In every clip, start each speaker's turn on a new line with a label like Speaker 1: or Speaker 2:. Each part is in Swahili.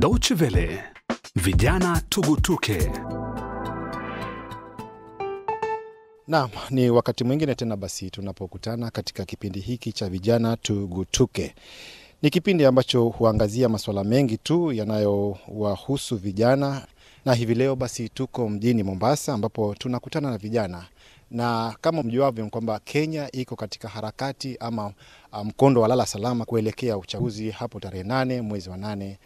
Speaker 1: Deutsche Welle, vijana tugutuke. Naam, ni wakati mwingine tena basi tunapokutana katika kipindi hiki cha vijana tugutuke. Ni kipindi ambacho huangazia masuala mengi tu yanayowahusu vijana, na hivi leo basi tuko mjini Mombasa ambapo tunakutana na vijana na kama mjuavyo kwamba Kenya iko katika harakati ama ah, mkondo um, wa lala salama kuelekea uchaguzi hapo tarehe nane mwezi wa nane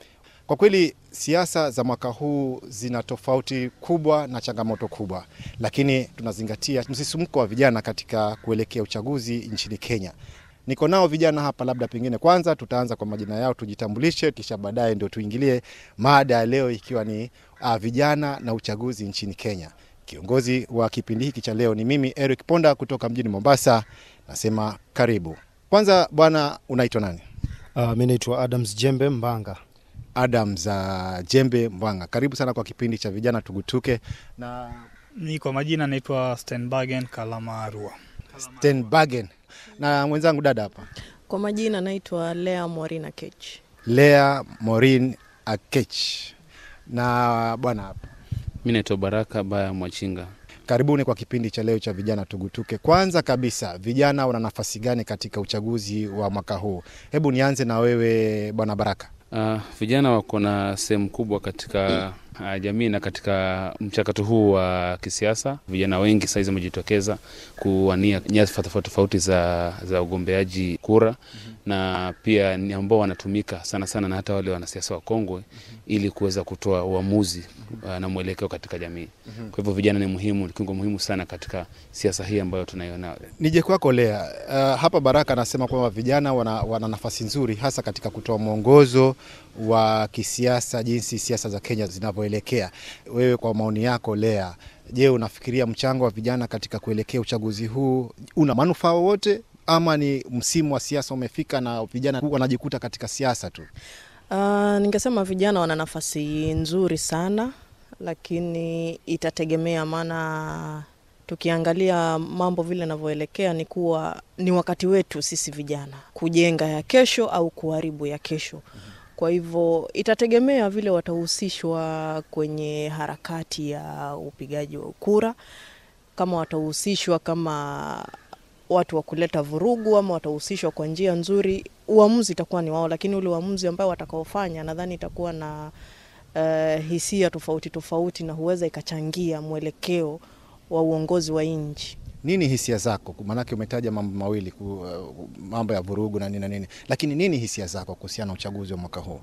Speaker 1: kwa kweli siasa za mwaka huu zina tofauti kubwa na changamoto kubwa, lakini tunazingatia msisimko wa vijana katika kuelekea uchaguzi nchini Kenya. Niko nao vijana hapa, labda pengine kwanza tutaanza kwa majina yao, tujitambulishe, kisha baadaye ndio tuingilie mada ya leo, ikiwa ni uh, vijana na uchaguzi nchini Kenya. Kiongozi wa kipindi hiki cha leo ni mimi Eric Ponda kutoka mjini Mombasa. Nasema karibu. Kwanza bwana, unaitwa nani? Uh, mi naitwa Adams Jembe Mbanga. Adam za Jembe Mbwanga. Karibu sana kwa kipindi cha vijana tugutuke.
Speaker 2: Na ni kwa majina naitwa Stenbagen Kalamarua. Stenbagen. Na mwenzangu dada hapa.
Speaker 3: Kwa majina naitwa Lea Morin Akech.
Speaker 1: Lea Morin Akech. Na bwana hapa. Mimi
Speaker 4: naitwa Baraka Baya Mwachinga.
Speaker 1: Karibuni kwa kipindi cha leo cha vijana tugutuke. Kwanza kabisa, vijana wana nafasi gani katika uchaguzi wa mwaka huu? Hebu nianze na wewe bwana Baraka.
Speaker 4: Uh, vijana wako na sehemu kubwa katika mm. Ah, jamii na katika mchakato huu wa kisiasa, vijana wengi sahizi wamejitokeza kuwania nyadhifa tofauti tofauti za, za ugombeaji kura mm -hmm. na pia ni ambao wanatumika sana sana na hata wale wanasiasa wakongwe mm -hmm. ili kuweza kutoa uamuzi mm -hmm. na mwelekeo katika jamii mm -hmm. kwa hivyo vijana ni muhimu, ni kiungo muhimu sana katika siasa hii ambayo tunaiona.
Speaker 1: Nije kwako Lea. Uh, hapa Baraka anasema kwamba vijana wana, wana nafasi nzuri hasa katika kutoa mwongozo wa kisiasa, jinsi siasa za Kenya zinavyo tunapoelekea. Wewe kwa maoni yako Lea, je, unafikiria mchango wa vijana katika kuelekea uchaguzi huu una manufaa wowote ama ni msimu wa siasa umefika na vijana wanajikuta katika siasa tu?
Speaker 3: Uh, ningesema vijana wana nafasi nzuri sana, lakini itategemea, maana tukiangalia mambo vile yanavyoelekea ni kuwa ni wakati wetu sisi vijana kujenga ya kesho au kuharibu ya kesho. mm -hmm. Kwa hivyo itategemea vile watahusishwa kwenye harakati ya upigaji wa kura, kama watahusishwa kama watu wa kuleta vurugu ama watahusishwa kwa njia nzuri, uamuzi itakuwa ni wao, lakini ule uamuzi ambao watakaofanya nadhani itakuwa na uh, hisia tofauti tofauti na huweza ikachangia mwelekeo wa uongozi wa nchi
Speaker 1: nini hisia zako? Maanake umetaja mambo mawili, uh, mambo ya vurugu na nini na nini, lakini nini hisia zako kuhusiana na uchaguzi wa mwaka huu?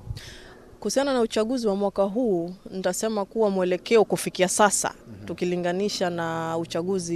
Speaker 3: Kuhusiana na uchaguzi wa mwaka huu nitasema kuwa mwelekeo kufikia sasa, mm -hmm. tukilinganisha na uchaguzi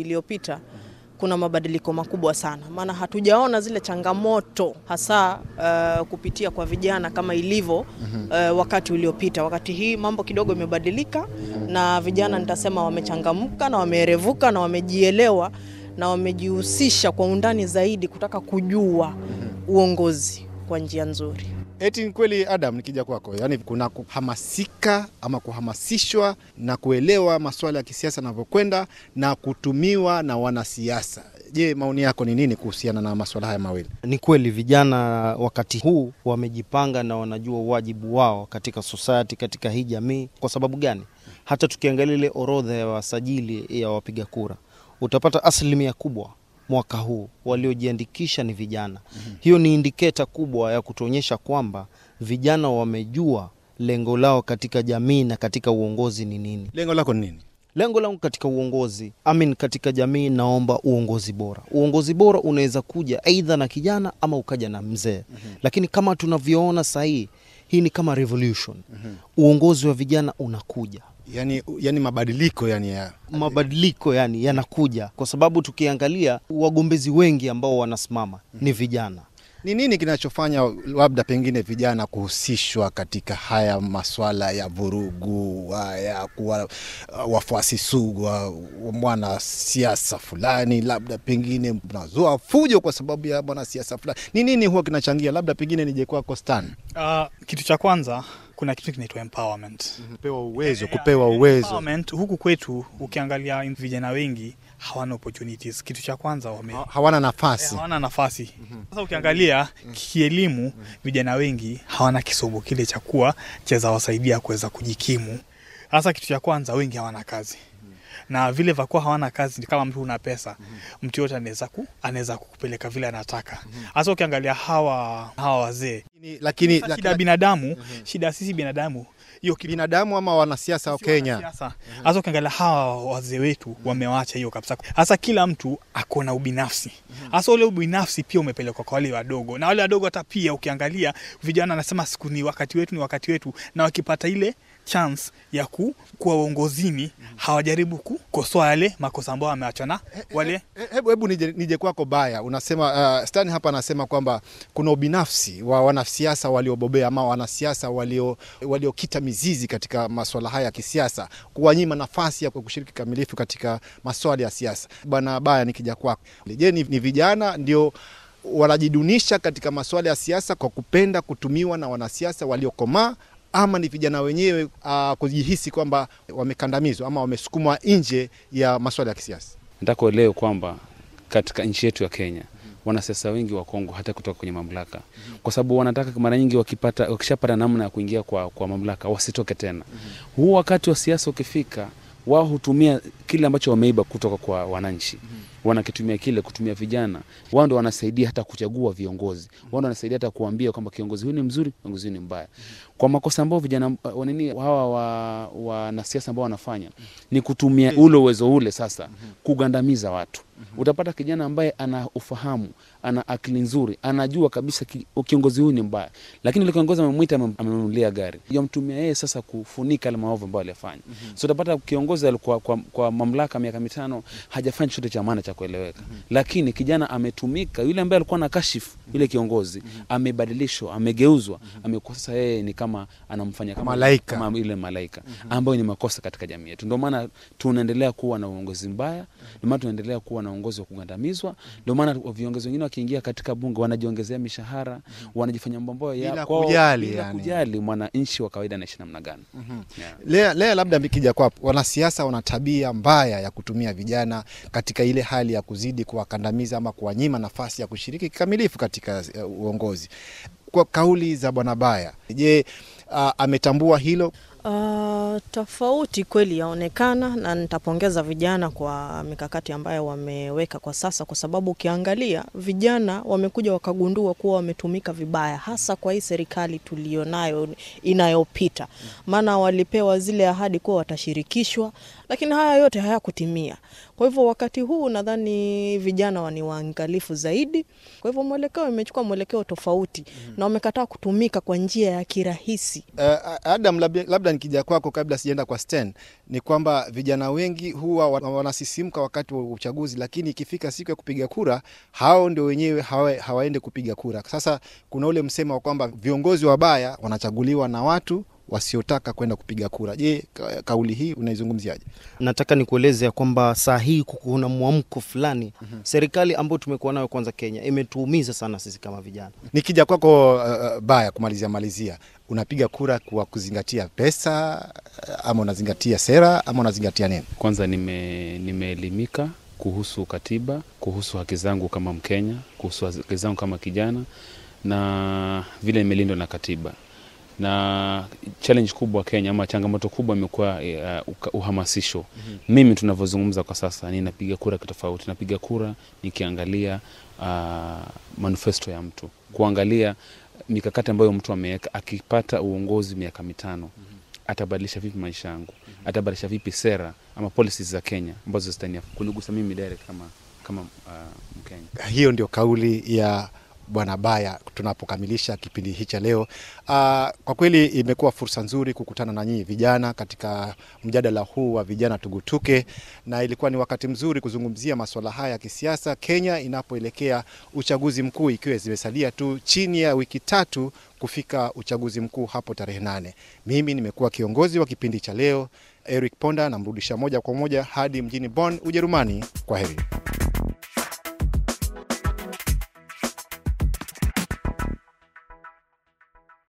Speaker 3: iliyopita mm -hmm kuna mabadiliko makubwa sana, maana hatujaona zile changamoto hasa uh, kupitia kwa vijana kama ilivyo mhm. uh, wakati uliopita. Wakati hii mambo kidogo imebadilika, mhm. na vijana nitasema wamechangamka na wameerevuka na wamejielewa na wamejihusisha kwa undani zaidi kutaka kujua mhm. uongozi kwa njia nzuri.
Speaker 1: Eti kweli Adam, nikija kwako, yaani kuna kuhamasika ama kuhamasishwa na kuelewa masuala ya kisiasa yanavyokwenda na kutumiwa na wanasiasa. Je,
Speaker 5: maoni yako ni nini kuhusiana na masuala haya mawili? Ni kweli vijana wakati huu wamejipanga na wanajua wajibu wao katika society, katika hii jamii. Kwa sababu gani? Hata tukiangalia ile orodha ya wasajili ya wapiga kura utapata asilimia kubwa mwaka huu waliojiandikisha ni vijana. Mm-hmm. Hiyo ni indiketa kubwa ya kutuonyesha kwamba vijana wamejua lengo lao katika jamii na katika uongozi ni nini. Lengo lako ni nini? Lengo langu katika uongozi amin, katika jamii naomba uongozi bora. Uongozi bora unaweza kuja aidha na kijana ama ukaja na mzee. mm -hmm. Lakini kama tunavyoona sahii, hii ni kama revolution. mm -hmm. Uongozi wa vijana unakuja Yani, yani mabadiliko yani ya mabadiliko yani yanakuja kwa sababu tukiangalia wagombezi wengi ambao wanasimama mm -hmm. ni mm-hmm. vijana. Ni nini kinachofanya labda pengine
Speaker 1: vijana kuhusishwa katika haya maswala ya vurugu ya kuwa uh, wafuasi sugu wa mwanasiasa fulani, labda pengine
Speaker 2: mnazua fujo kwa sababu ya mwanasiasa fulani? Ni nini huwa kinachangia? Labda pengine nijekwako Stan. Uh, ah, kitu cha kwanza kuna kitu kinaitwa empowerment, mm-hmm. kupewa uwezo, kupewa uwezo. Empowerment huku kwetu, ukiangalia vijana wengi hawana opportunities. Kitu cha kwanza wame hawana nafasi, eh, hawana nafasi. Mm-hmm. Sasa ukiangalia mm-hmm. kielimu, vijana wengi hawana kisomo kile cha kuwa chaweza wasaidia kuweza kujikimu. hasa kitu cha kwanza, wengi hawana kazi na vile vakuwa hawana kazi, ni kama mtu una pesa mm -hmm. mtu yote anaweza ku, kukupeleka vile anataka hasa mm -hmm. ukiangalia hawa hawa wazee lakini, lakini shida binadamu mm -hmm. shida sisi binadamu hiyo binadamu ama wanasiasa wa Kenya mhm. hasa mm -hmm. ukiangalia hawa wazee wetu mm -hmm. wamewacha hiyo kabisa. Hasa kila mtu ako na ubinafsi mhm. hasa mm -hmm. ule ubinafsi pia umepelekwa kwa wale wadogo, na wale wadogo hata pia ukiangalia vijana anasema siku ni wakati wetu, ni wakati wetu, na wakipata ile chance ya ku, kuwa uongozini hawajaribu kukosoa yale makosa ambayo na wale. Hebu hebu nije, nije kwako Baya, unasema uh, Stan hapa anasema kwamba kuna ubinafsi wa wanasiasa
Speaker 1: waliobobea ama wanasiasa waliokita walio mizizi katika masuala haya ya kisiasa, kuwanyima nafasi ya kushiriki kikamilifu katika masuala ya siasa. Bwana Baya, nikija kwako, je, ni, ni vijana ndio wanajidunisha katika masuala ya siasa kwa kupenda kutumiwa na wanasiasa waliokomaa ama ni vijana wenyewe uh, kujihisi kwamba wamekandamizwa ama wamesukumwa nje ya masuala ya kisiasa.
Speaker 4: Nataka uelewe kwamba katika nchi yetu ya Kenya wanasiasa wengi wa Kongo hata kutoka kwenye mamlaka, kwa sababu wanataka mara nyingi wakipata, wakishapata namna ya kuingia kwa, kwa mamlaka wasitoke tena. Huu wakati wa siasa ukifika, wao hutumia kile ambacho wameiba kutoka kwa wananchi mm wanakitumia kile kutumia vijana wao, ndo wanasaidia hata kuchagua viongozi mhm. wao, ndo wanasaidia hata kuambia kwamba kiongozi huyu ni mzuri, kiongozi huyu ni mbaya mm kwa makosa ambao vijana uh, wanini hawa wa wanasiasa ambao wanafanya mm ni kutumia ule uwezo ule sasa mm -hmm. kugandamiza watu mm -hmm. utapata kijana ambaye ana ufahamu, ana akili nzuri, anajua kabisa ki, kiongozi huyu ni mbaya, lakini ile kiongozi amemwita amemnunulia gari, yamtumia yeye sasa kufunika yale maovu ambayo alifanya mm -hmm. so utapata kiongozi alikuwa kwa, kwa mamlaka miaka mitano hajafanya chochote cha maana cha kueleweka. mm -hmm. Lakini kijana ametumika, yule ambaye alikuwa na kashifu yule kiongozi mm -hmm. amebadilishwa, amegeuzwa, mm -hmm. amekuwa sasa yeye ni kama anamfanya kama malaika, kama ile malaika mm -hmm. ambayo ni makosa katika jamii yetu. Ndio maana tunaendelea kuwa na uongozi mbaya, ndio maana tunaendelea kuwa na uongozi wa kugandamizwa, ndio maana viongozi wengine wakiingia katika bunge wanajiongezea mishahara, mm -hmm. wanajifanya mambo ya kwao bila kujali mwananchi wa kawaida anaishi namna gani. mm -hmm. yeah. Lea, labda mikija kwapo,
Speaker 1: wanasiasa wana tabia mbaya mabaya ya kutumia vijana katika ile hali ya kuzidi kuwakandamiza ama kuwanyima nafasi ya kushiriki kikamilifu katika eh, uongozi. Kwa kauli za Bwana Baya, je, ah, ametambua hilo?
Speaker 3: Uh, tofauti kweli yaonekana na nitapongeza vijana kwa mikakati ambayo wameweka kwa sasa, kwa sababu ukiangalia vijana wamekuja wakagundua kuwa wametumika vibaya, hasa kwa hii serikali tuliyonayo inayopita. Maana walipewa zile ahadi kuwa watashirikishwa, lakini haya yote hayakutimia. Kwa hivyo wakati huu nadhani vijana wani waangalifu zaidi. Kwa hivyo mwelekeo imechukua mwelekeo tofauti mm. na wamekataa kutumika kwa njia ya kirahisi.
Speaker 1: Uh, Adam, labda, labda nikija kwako kabla sijaenda kwa Sten, ni kwamba vijana wengi huwa wanasisimka wakati wa uchaguzi, lakini ikifika siku ya kupiga kura hao ndio wenyewe hawa, hawaende kupiga kura. Sasa kuna ule msemo wa kwamba viongozi wabaya wanachaguliwa na watu wasiotaka kwenda kupiga kura. Je, kauli hii
Speaker 5: unaizungumziaje? Nataka nikueleze ya kwamba saa hii kuna mwamko fulani mm -hmm. Serikali ambayo tumekuwa nayo kwanza Kenya imetuumiza sana sisi kama vijana.
Speaker 1: Nikija kwako uh, uh baya kumalizia malizia, unapiga kura kwa kuzingatia pesa uh, ama unazingatia sera ama unazingatia nini?
Speaker 4: Kwanza nimeelimika nime kuhusu katiba, kuhusu haki zangu kama Mkenya, kuhusu haki zangu kama kijana na vile imelindwa na katiba na challenge kubwa Kenya ama changamoto kubwa imekuwa uh, uhamasisho. mm -hmm. Mimi tunavyozungumza kwa sasa ninapiga kura kitofauti, napiga kura nikiangalia uh, manifesto ya mtu, kuangalia mikakati ambayo mtu ameweka. Akipata uongozi miaka mitano, mm -hmm. atabadilisha vipi maisha yangu? mm -hmm. atabadilisha vipi sera ama policies za Kenya ambazo zitania mimi direct kama, kama uh,
Speaker 1: Mkenya. Hiyo ndio kauli ya Bwana Baya tunapokamilisha kipindi hiki cha leo. Uh, kwa kweli imekuwa fursa nzuri kukutana na nyinyi vijana katika mjadala huu wa vijana tugutuke, na ilikuwa ni wakati mzuri kuzungumzia masuala haya ya kisiasa Kenya inapoelekea uchaguzi mkuu, ikiwa zimesalia tu chini ya wiki tatu kufika uchaguzi mkuu hapo tarehe nane. Mimi nimekuwa kiongozi wa kipindi cha leo Eric Ponda, namrudisha moja kwa moja hadi mjini Bonn, Ujerumani. Kwa heri.